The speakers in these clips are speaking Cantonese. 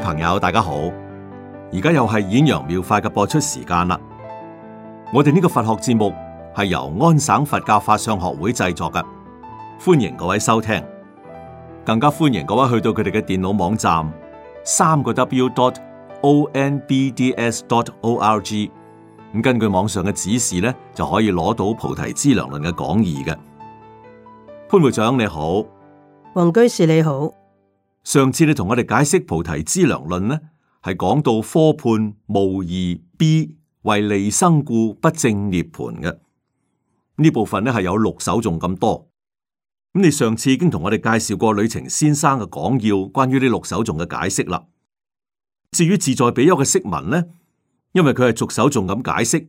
朋友，大家好！而家又係演揚妙法嘅播出時間啦。我哋呢個佛學節目係由安省佛教法相學會製作嘅，歡迎各位收聽，更加歡迎各位去到佢哋嘅電腦網站三個 w dot o n b d s dot o r g，咁根據網上嘅指示咧，就可以攞到菩提資糧論嘅講義嘅。潘會長你好，黃居士你好。上次你同我哋解釋菩提資糧論咧，係講到科判無二 B 為利生故不正涅盤嘅呢部分咧，係有六首頌咁多。咁你上次已經同我哋介紹過呂澂先生嘅講要，關於呢六首頌嘅解釋啦。至於自在比丘嘅釋文咧，因為佢係逐首頌咁解釋，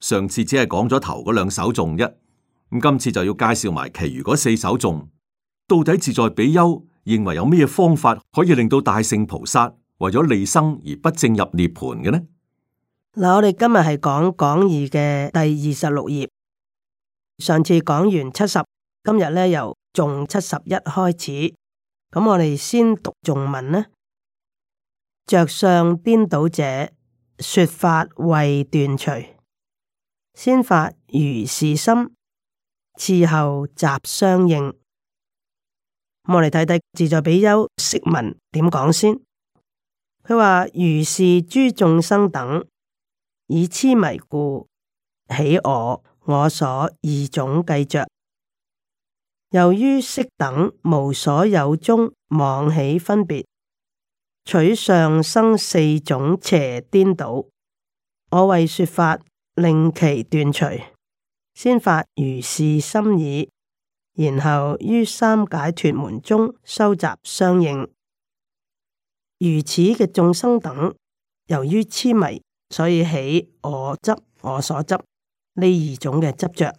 上次只係講咗頭嗰兩首頌啫，咁今次就要介紹埋其餘嗰四首頌，到底自在比丘。認為有咩方法可以令到大聖菩薩為咗利生而不正入涅槃嘅呢？嗱，我哋今日係講講義嘅第二十六頁，上次講完七十，今日咧由頌七十一開始，咁我哋先讀頌文呢，着相顛倒者，說法為斷除，先發如是心，次後習相應。嗯、我嚟睇睇自在比丘釋文點講先，佢話如是諸眾生等以痴迷故起我我所二種計着，由於識等無所有中妄起分別，取上生四種邪顛倒，我為說法令其斷除，先發如是心耳。然後於三解脫門中收集相應，如此嘅眾生等，由於痴迷，所以起我執、我所執呢二種嘅執着。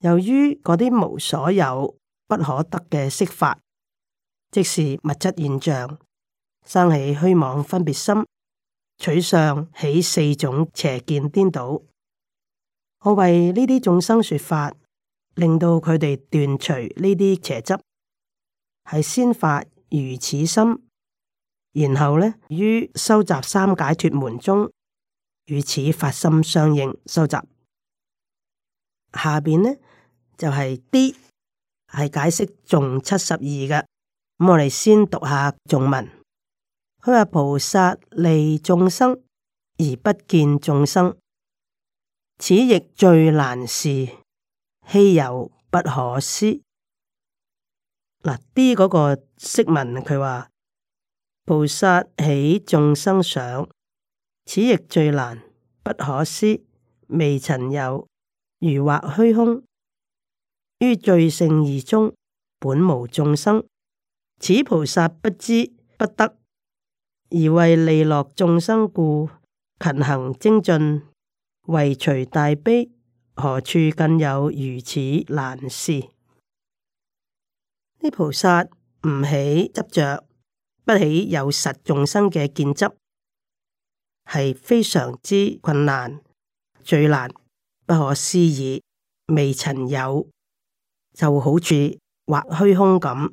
由於嗰啲無所有、不可得嘅色法，即是物質現象，生起虛妄分別心，取相起四種邪見顛倒。我為呢啲眾生說法。令到佢哋斷除呢啲邪執，係先發如此心，然後咧於收集三解脱門中，與此發心相應收集。下邊呢，就係啲係解釋頌七十二嘅，咁我哋先讀下頌文。佢話，菩薩利眾生而不見眾生，此亦最難事。稀有不可思。嗱，啲嗰個釋文佢話菩薩起眾生想，此亦最難不可思，未曾有，如畫虛空，於罪性而終本無眾生，此菩薩不知不得，而為利樂眾生故，勤行精進，為除大悲。何處更有如此難事？呢菩薩唔起執着，不起有實眾生嘅見執，係非常之困難，最難，不可思議，未曾有。就好似畫虛空咁，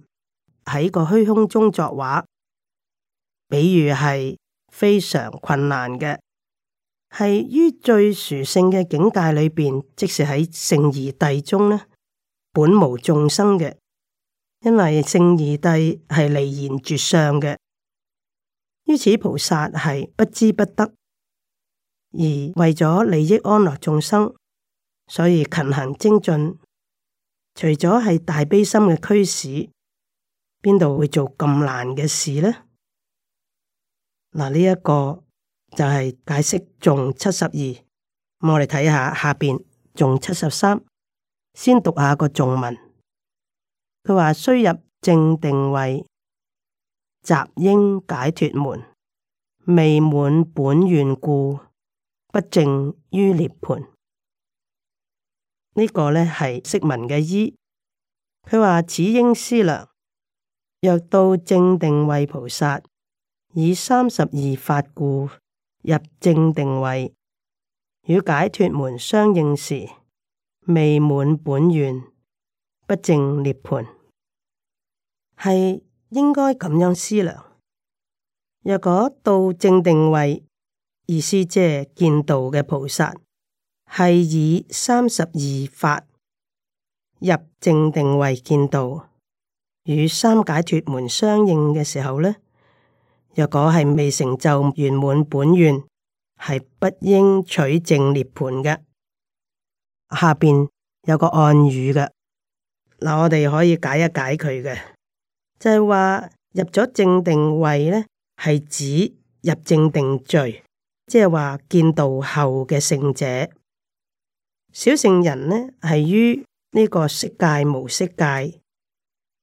喺個虛空中作畫，比喻係非常困難嘅。係於最殊勝嘅境界裏邊，即是喺聖義諦中呢，本無眾生嘅，因為聖義諦係離言絕相嘅。於此菩薩係不知不得，而為咗利益安樂眾生，所以勤行精進。除咗係大悲心嘅驅使，邊度會做咁難嘅事呢？嗱，呢一個。就係解釋頌七十二，我哋睇下下邊頌七十三，先讀下個頌文。佢話需入正定位，習應解脱門，未滿本願故，不證於涅槃。呢、這個呢係釋文嘅意。佢話此應思量，若到正定位菩薩，以三十二法故。入正定位與解脫門相應時，未滿本願不正涅盤，係應該咁樣思量。若果到正定位，意思即係見道嘅菩薩，係以三十二法入正定位見道，與三解脫門相應嘅時候呢，若果係未成就圓滿本願，係不應取正涅盤嘅。下邊有個暗語嘅，嗱我哋可以解一解佢嘅，就係、是、話入咗正定位呢，係指入正定罪，即係話見道後嘅聖者小聖人呢，係於呢個色界無色界，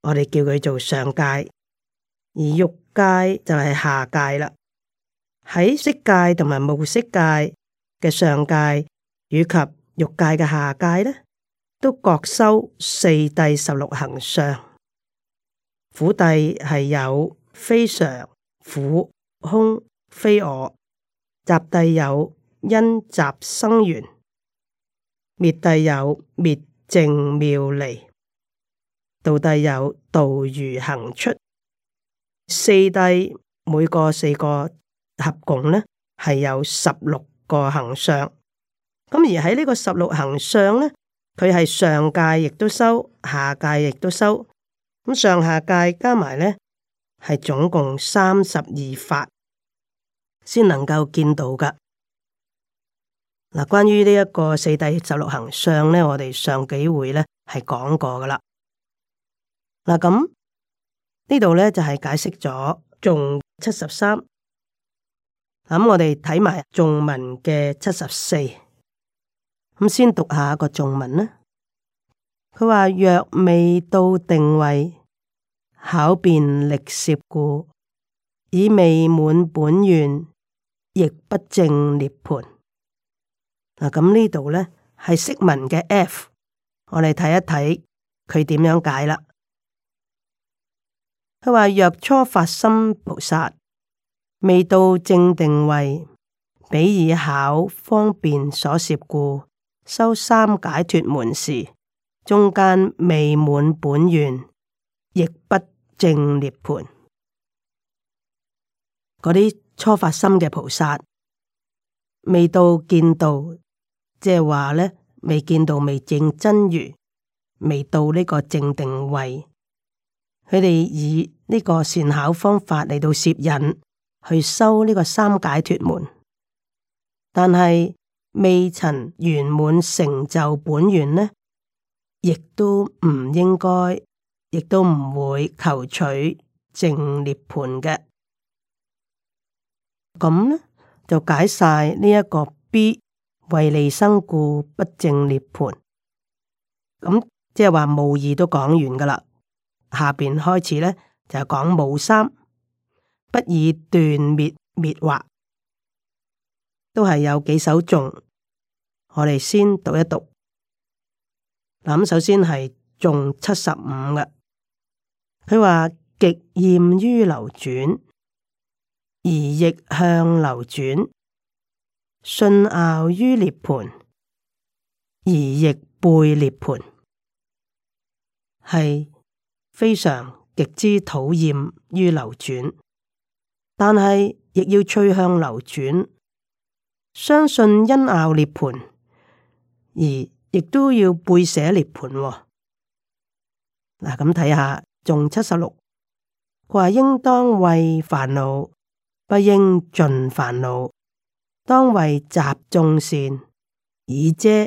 我哋叫佢做上界，而欲。界就係下界啦，喺色界同埋無色界嘅上界，以及欲界嘅下界呢，都各收四諦十六行相。苦諦係有非常苦空非我；集諦有因集生緣，滅諦有滅正妙離；道諦有道如行出。四帝，每個四個合共呢係有十六個行相，咁而喺呢個十六行相呢，佢係上界亦都收，下界亦都收，咁上下界加埋呢係總共三十二法，先能夠見到噶。嗱，關於呢一個四帝十六行相呢，我哋上幾回呢係講過噶啦。嗱咁。呢度呢，就係解釋咗頌七十三，咁我哋睇埋頌文嘅七十四，咁先讀下個頌文啦。佢話，若未到定位，考辨力涉故，以未滿本願，亦不正涅槃。嗱，咁呢度咧係釋文嘅 F，我哋睇一睇佢點樣解啦。佢話：若初發心菩薩未到正定位，比以考方便所涉故，修三解脫門時，中間未滿本願，亦不正涅盤。嗰啲初發心嘅菩薩未到見道，即係話呢：「未見到未正真如，未到呢個正定位，佢哋以。呢個善巧方法嚟到攝引，去修呢個三解脱門，但係未曾圓滿成就本願呢，亦都唔應該，亦都唔會求取正涅盤嘅。咁呢就解晒呢一個必為利生故不正涅盤。咁即係話無疑都講完噶啦，下邊開始呢。就係講冇三不以斷滅滅惑，都係有幾首頌。我哋先讀一讀。首先係頌七十五嘅，佢話極厭於流轉，而亦向流轉；信樂於涅槃，而亦背涅槃，係非常。極之討厭於流轉，但係亦要趨向流轉。相信因拗涅盤而亦都要背捨涅盤。嗱、啊，咁睇下，仲七十六。佢話應當為煩惱，不應盡煩惱；當為集眾善以遮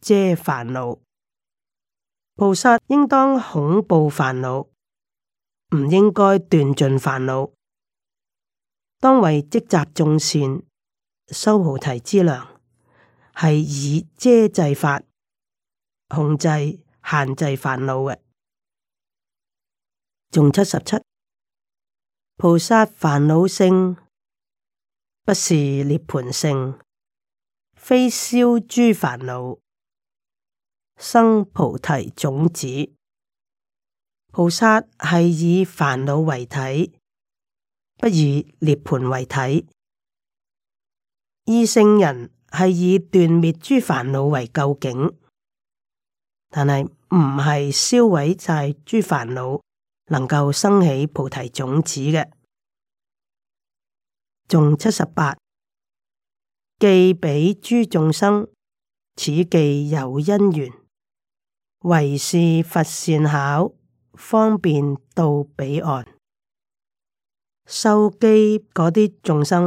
遮煩惱。菩薩應當恐怖煩惱。唔應該斷盡煩惱，當為積集眾善，修菩提之糧，係以遮制法控制限制煩惱嘅。仲七十七，菩薩煩惱性，不是涅槃性，非消諸煩惱生菩提種子。菩薩係以煩惱為體，不以涅槃為體。異聖人係以斷滅諸煩惱為究竟，但係唔係銷毀晒諸煩惱，能夠生起菩提種子嘅。仲七十八，記彼諸眾生，此記有因緣，為是佛善巧。方便到彼岸受記嗰啲眾生，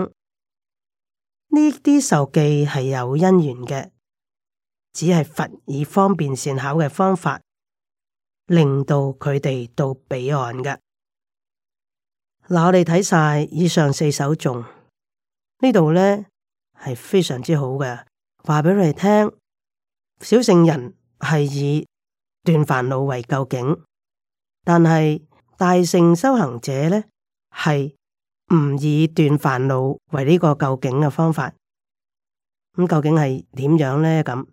呢啲受記係有因緣嘅，只係佛以方便善巧嘅方法，令到佢哋到彼岸嘅。嗱，我哋睇晒以上四首頌，呢度咧係非常之好嘅，話俾你聽，小聖人係以斷煩惱為究竟。但係大乘修行者咧，係唔以斷煩惱為呢個究竟嘅方法。咁、嗯、究竟係點樣咧？咁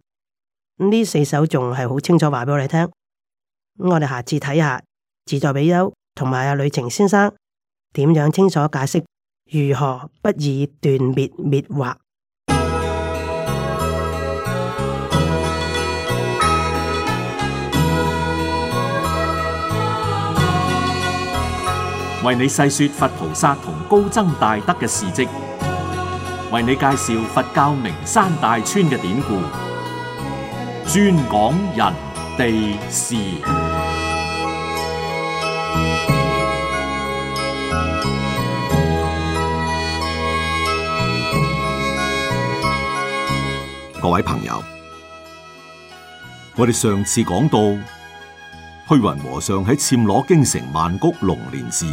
呢四首仲係好清楚話畀我哋聽。咁、嗯、我哋下次睇下自在比丘同埋阿呂澂先生點樣清楚解釋如何不以斷滅滅惑。為你細說佛菩薩同高僧大德嘅事迹，為你介紹佛教名山大川嘅典故，專講人地事。各位朋友，我哋上次講到虛雲和尚喺暹羅京城曼谷龍蓮寺。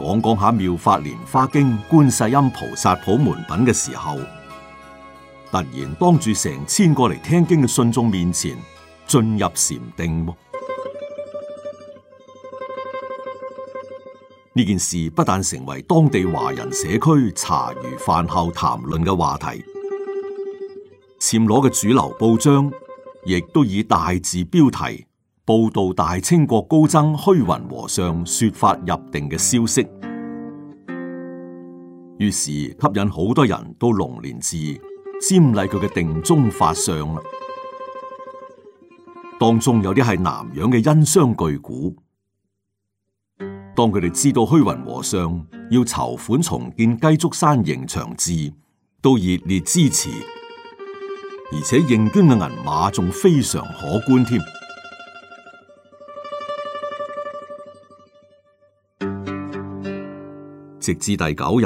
講講下《妙法蓮華經》《觀世音菩薩，菩薩普門品》嘅時候，突然當住成千個嚟聽經嘅信眾面前進入禪定。呢件事不但成為當地華人社區茶餘飯後談論嘅話題，暹羅嘅主流報章亦都以大字標題。報道大清國高僧虛雲和尚說法入定嘅消息，於是吸引好多人到龍連寺瞻禮佢嘅定中法相啦。當中有啲係南洋嘅殷商巨賈，當佢哋知道虛雲和尚要籌款重建雞足山迎祥寺，都熱烈支持，而且認捐嘅銀碼仲非常可觀添。直至第九日，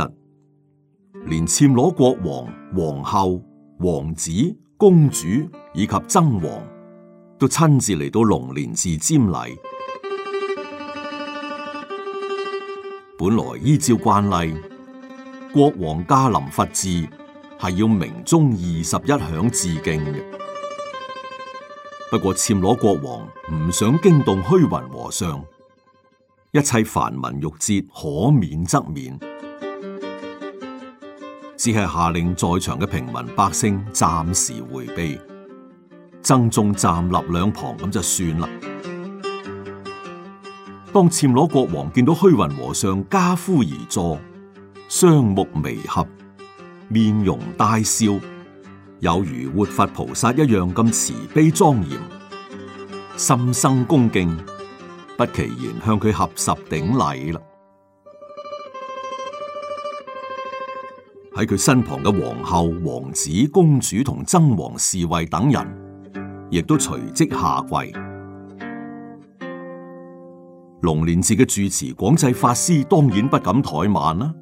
連暹羅國王、皇后、王子、公主以及曾王都親自嚟到龍蓮寺瞻禮。本來依照慣例，國王駕臨佛寺，係要鳴鐘二十一響致敬嘅。不過暹羅國王唔想驚動虛雲和尚。一切繁文縟節可免則免，只係下令在場嘅平民百姓暫時回避，僧眾站立兩旁咁就算啦。當暹羅國王見到虛雲和尚跏趺而坐，雙目微合，面容帶笑，有如活佛菩薩一樣咁慈悲莊嚴，心生恭敬。不其然，向佢合十頂禮啦！喺佢身旁嘅皇后、王子、公主同僧王侍衛等人，亦都隨即下跪。龍蓮寺嘅住持廣濟法師當然不敢怠慢啦，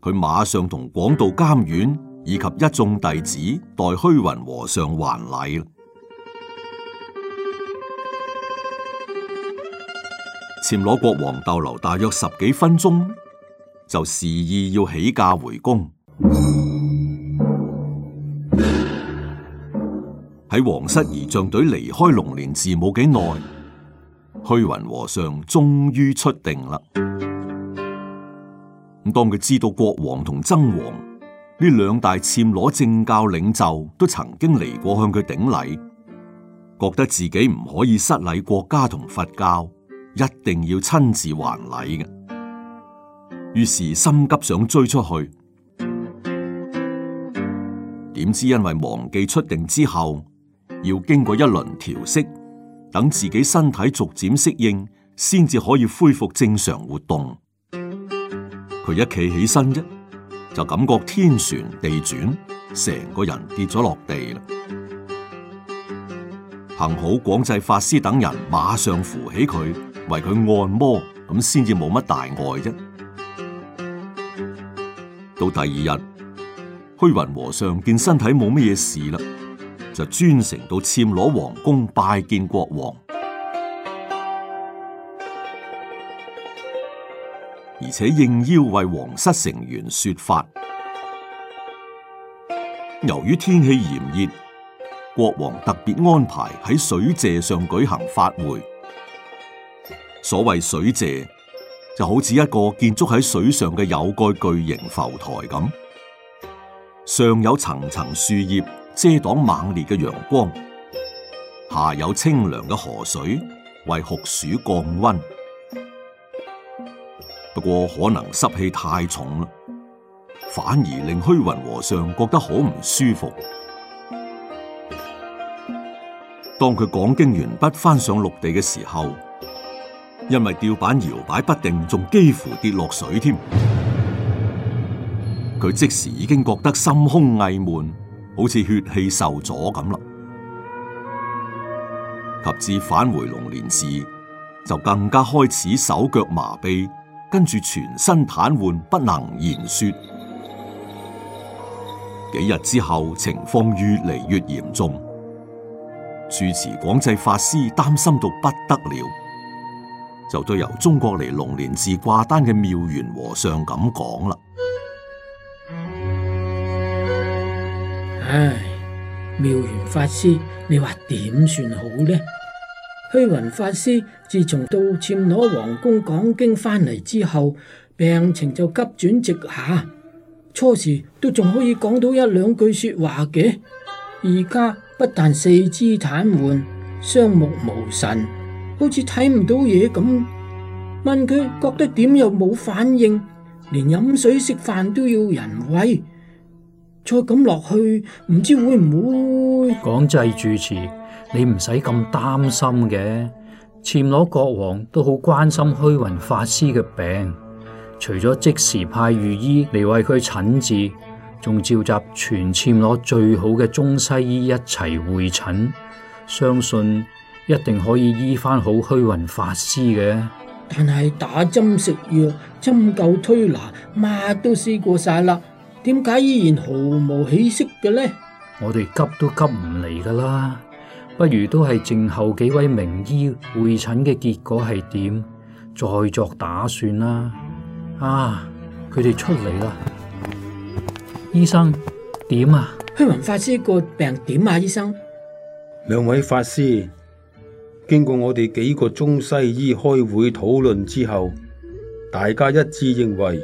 佢馬上同廣道監院以及一眾弟子代虛雲和尚還禮。暹羅國王逗留大約十幾分鐘，就示意要起駕回宮。喺皇室儀仗隊離開龍年寺冇幾耐，虛雲和尚終於出定啦。咁當佢知道國王同曾王呢兩大暹羅政教領袖都曾經嚟過向佢頂禮，覺得自己唔可以失禮國家同佛教。一定要親自還禮嘅，於是心急想追出去，點知因為忘記出定之後，要經過一輪調息，等自己身體逐漸適應，先至可以恢復正常活動。佢一企起身啫，就感覺天旋地轉，成個人跌咗落地啦。幸好廣濟法師等人馬上扶起佢。為佢按摩，咁先至冇乜大礙啫。到第二日，虛雲和尚見身體冇乜嘢事啦，就專程到暹羅皇宮拜見國王，而且應邀為皇室成員說法。由於天氣炎熱，國王特別安排喺水榭上舉行法會。所謂水榭就好似一個建築喺水上嘅有蓋巨型浮台咁，上有層層樹葉遮擋猛烈嘅陽光，下有清涼嘅河水為酷暑降温。不過可能濕氣太重啦，反而令虛雲和尚覺得好唔舒服。當佢講經完畢，翻上陸地嘅時候。因為吊板搖擺不定，仲幾乎跌落水添。佢即時已經覺得心胸翳悶，好似血氣受阻咁啦。及至返回龍連寺，就更加開始手腳麻痹，跟住全身癱瘓，不能言說。幾日之後，情況越嚟越嚴重。住持廣濟法師擔心到不得了。就對由中國嚟龍年寺掛單嘅妙緣和尚咁講啦。唉，妙緣法師，你話點算好呢？虛雲法師自從到竊攞皇宮講經翻嚟之後，病情就急轉直下。初時都仲可以講到一兩句說話嘅，而家不但四肢癱瘓，雙目無神。好似睇唔到嘢咁，問佢覺得點又冇反應，連飲水食飯都要人餵，再咁落去唔知會唔會？講制住持，你唔使咁擔心嘅。暹羅國王都好關心虛雲法師嘅病，除咗即時派御醫嚟為佢診治，仲召集全暹羅最好嘅中西醫一齊會診，相信。一定可以醫翻好虛雲法師嘅。但係打針食藥、針灸推拿，乜都試過晒啦，點解依然毫無起色嘅呢？我哋急都急唔嚟噶啦，不如都係靜候幾位名醫會診嘅結果係點，再作打算啦。啊，佢哋出嚟啦。醫生，點啊？虛雲法師個病點啊？醫生，兩位法師。經過我哋幾個中西醫開會討論之後，大家一致認為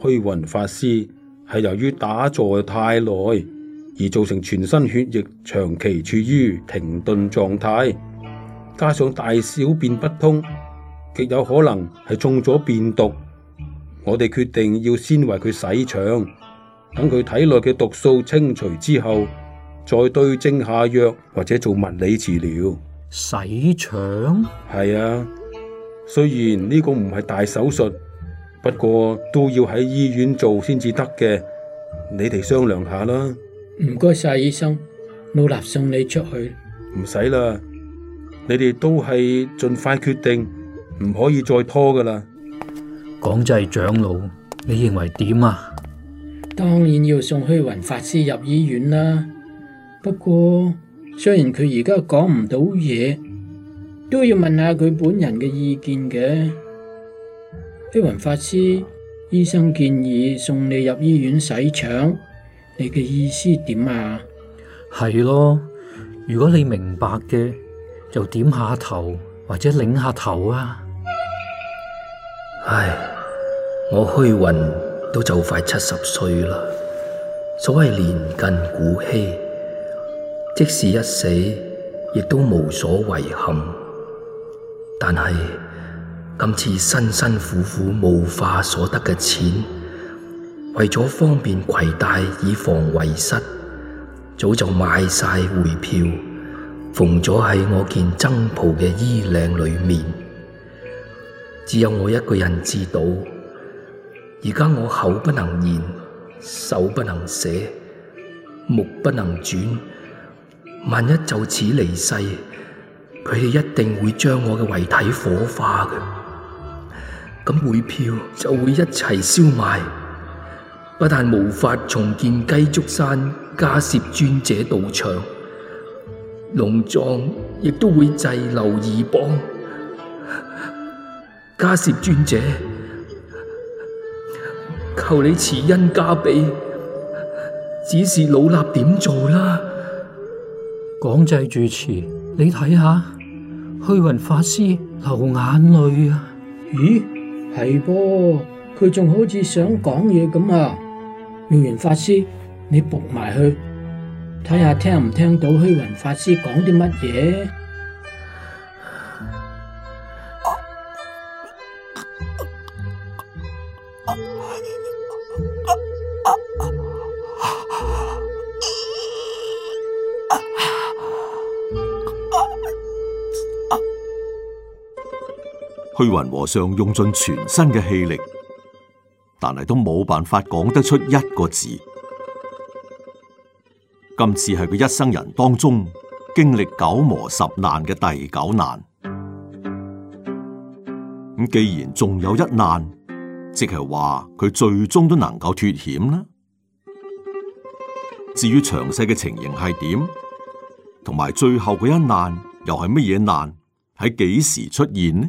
虛雲法師係由於打坐太耐而造成全身血液長期處於停頓狀態，加上大小便不通，極有可能係中咗便毒。我哋決定要先為佢洗腸，等佢體內嘅毒素清除之後，再對症下藥或者做物理治療。洗腸？係啊，雖然呢個唔係大手術，不過都要喺醫院做先至得嘅。你哋商量下啦。唔該晒，醫生，老衲送你出去。唔使啦，你哋都係盡快決定，唔可以再拖噶啦。廣濟長老，你認為點啊？當然要送虛雲法師入醫院啦，不過。雖然佢而家講唔到嘢，都要問下佢本人嘅意見嘅。虛雲法師，醫生建議送你入醫院洗腸，你嘅意思點啊？係咯，如果你明白嘅，就點下頭或者擰下頭啊。唉，我虛雲都就快七十歲啦，所謂年近古稀，即使一死，亦都無所遺憾。但係今次辛辛苦苦募化所得嘅錢，為咗方便攜帶以防遺失，早就買晒匯票，縫咗喺我件僧袍嘅衣領裏面。只有我一個人知道。而家我口不能言，手不能寫，目不能轉。萬一就此離世，佢哋一定會將我嘅遺體火化嘅，咁匯票就會一齊燒賣，不但無法重建雞足山，迦葉尊者道場，龍藏亦都會滯留異邦。迦葉尊者，求你慈恩加被，指示老衲點做啦？廣濟住持，你睇下虛雲法師流眼淚啊！咦，係噃，佢仲好似想講嘢咁啊！妙圓法師，你撥埋去，睇下聽唔聽到虛雲法師講啲乜嘢？啊啊啊啊虛雲和尚用盡全身嘅氣力，但係都冇辦法講得出一個字。今次係佢一生人當中經歷九磨十難嘅第九難。咁既然仲有一難，即係話佢最終都能夠脫險啦。至於詳細嘅情形係點，同埋最後嗰一難又係乜嘢難？喺幾時出現呢？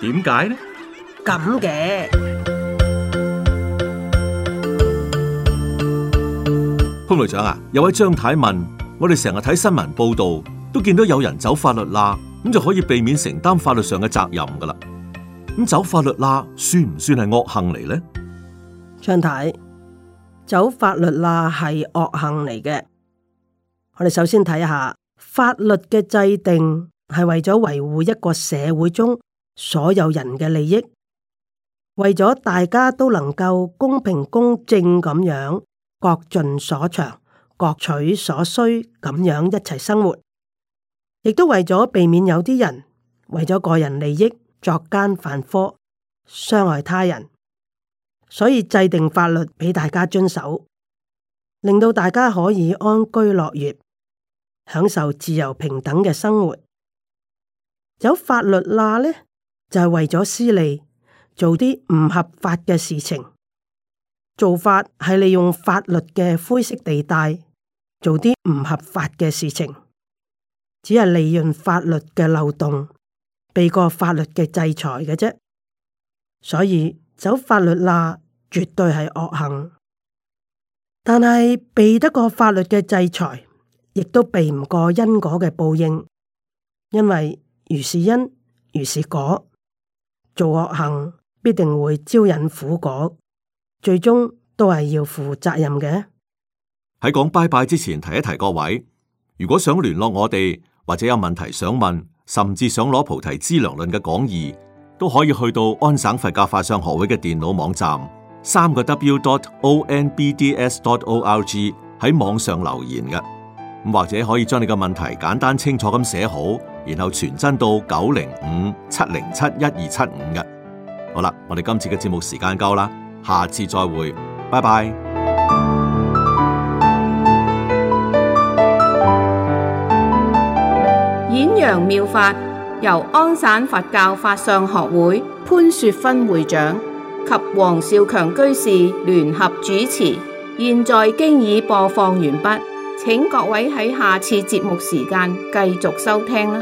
點解呢？咁嘅，潘隊長啊，有位張太問我哋成日睇新聞報道，都見到有人走法律罅，咁就可以避免承擔法律上嘅責任噶啦。咁走法律罅算唔算係惡行嚟呢？張太，走法律罅係惡行嚟嘅。我哋首先睇一下法律嘅制定，係為咗維護一個社會中。所有人嘅利益，為咗大家都能夠公平公正咁樣，各盡所長，各取所需，咁樣一齊生活，亦都為咗避免有啲人為咗個人利益作奸犯科，傷害他人，所以制定法律俾大家遵守，令到大家可以安居樂業，享受自由平等嘅生活，有法律啦，呢～就係為咗私利做啲唔合法嘅事情，做法係利用法律嘅灰色地帶做啲唔合法嘅事情，只係利用法律嘅漏洞避過法律嘅制裁嘅啫。所以走法律罅絕對係惡行，但係避得過法律嘅制裁，亦都避唔過因果嘅報應，因為如是因如是果。做惡行必定會招引苦果，最終都係要負責任嘅。喺講拜拜之前提一提各位，如果想聯絡我哋，或者有問題想問，甚至想攞《菩提資糧論》嘅講義，都可以去到安省佛教法相學會嘅電腦網站，三個 w.dot.o.n.b.d.s.dot.o.r.g 喺網上留言嘅。或者可以將你個問題簡單清楚咁寫好，然後傳真到九零五七零七一二七五日。好啦，我哋今次嘅節目時間夠啦，下次再會，拜拜。演揚妙法由安省佛教法相學會潘雪芬會長及黃少強居士聯合主持，現在經已播放完畢。請各位喺下次節目時間繼續收聽啦。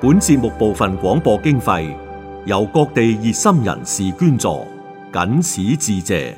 本節目部分廣播經費由各地熱心人士捐助，謹此致謝。